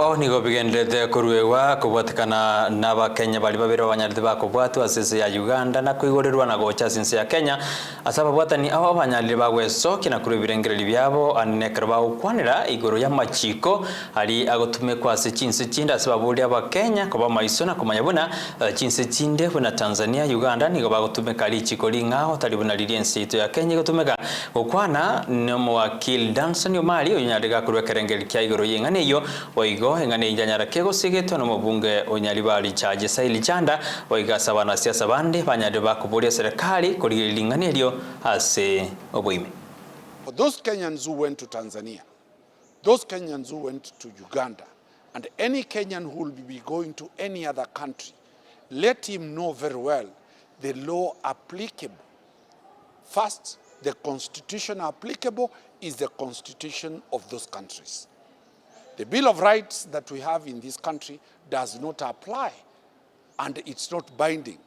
oni oh, gobigenderete kurue gwa kubatikana na bakenya bari babere abanyarite bakubwatwa asese ya uganda na kuigorirwa na gocha sinse ya kenya asa babwatani abo abanyarire bagwesoki na kurue birengereri byabo anenekero bagukwanira igoro y'amachiko ari agotumekwa ase chinse chinde ase baburi abakenya koba maiso na komanya buna uh, eh, chinse chinde buna tanzania uganda nigo bagotumeka ari ichiko ring'ao tari buna riri ense ito ya kenya igotumeka gokwana ni omowakili danson omari onye nyarire gakurwe ekerengeri kia igoro y'ing'ana eyo oigo eng'aniija nyarakya egosigetwa nomobunge onyalibali charge saili chanda oigasa banasiasa bande banyarire bakoboria serikali korigirira ing'ani eryo ase oboime For those Kenyans who went to Tanzania, those Kenyans who went to Uganda, and any Kenyan who will be going to any other country, let him know very well the law applicable. First, the constitution applicable is the constitution of those countries. The Bill of Rights that we have in this country does not apply and it's not binding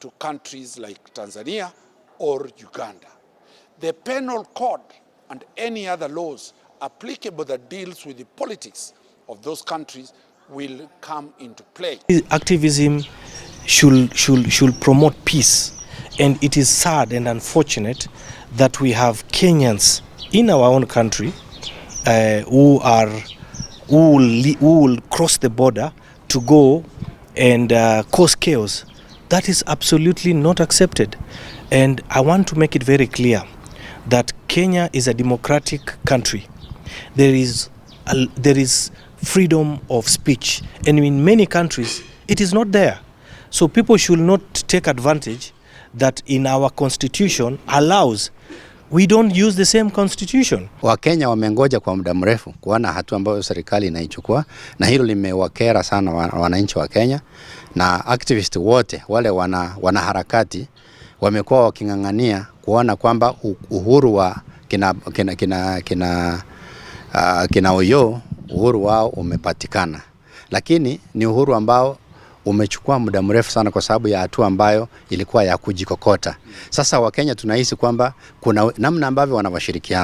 to countries like Tanzania or Uganda. The penal code and any other laws applicable that deals with the politics of those countries will come into play. Activism should, should, should promote peace and it is sad and unfortunate that we have Kenyans in our own country uh, who are who will, who will cross the border to go and uh, cause chaos. That is absolutely not accepted. And I want to make it very clear that Kenya is a democratic country. There is, a, there is freedom of speech. And in many countries, it is not there. So people should not take advantage that in our constitution allows We don't use the same constitution. Wakenya wamengoja kwa muda mrefu kuona hatua ambayo serikali inaichukua, na hilo limewakera sana wananchi wa Kenya na activist wote wale wana, wanaharakati wamekuwa waking'ang'ania kuona kwamba uhuru wa kina, kina, kina, kina, uh, kina Oyoo uhuru wao umepatikana, lakini ni uhuru ambao umechukua muda mrefu sana kwa sababu ya hatua ambayo ilikuwa ya kujikokota. Sasa Wakenya tunahisi kwamba kuna namna ambavyo wanavyoshirikiana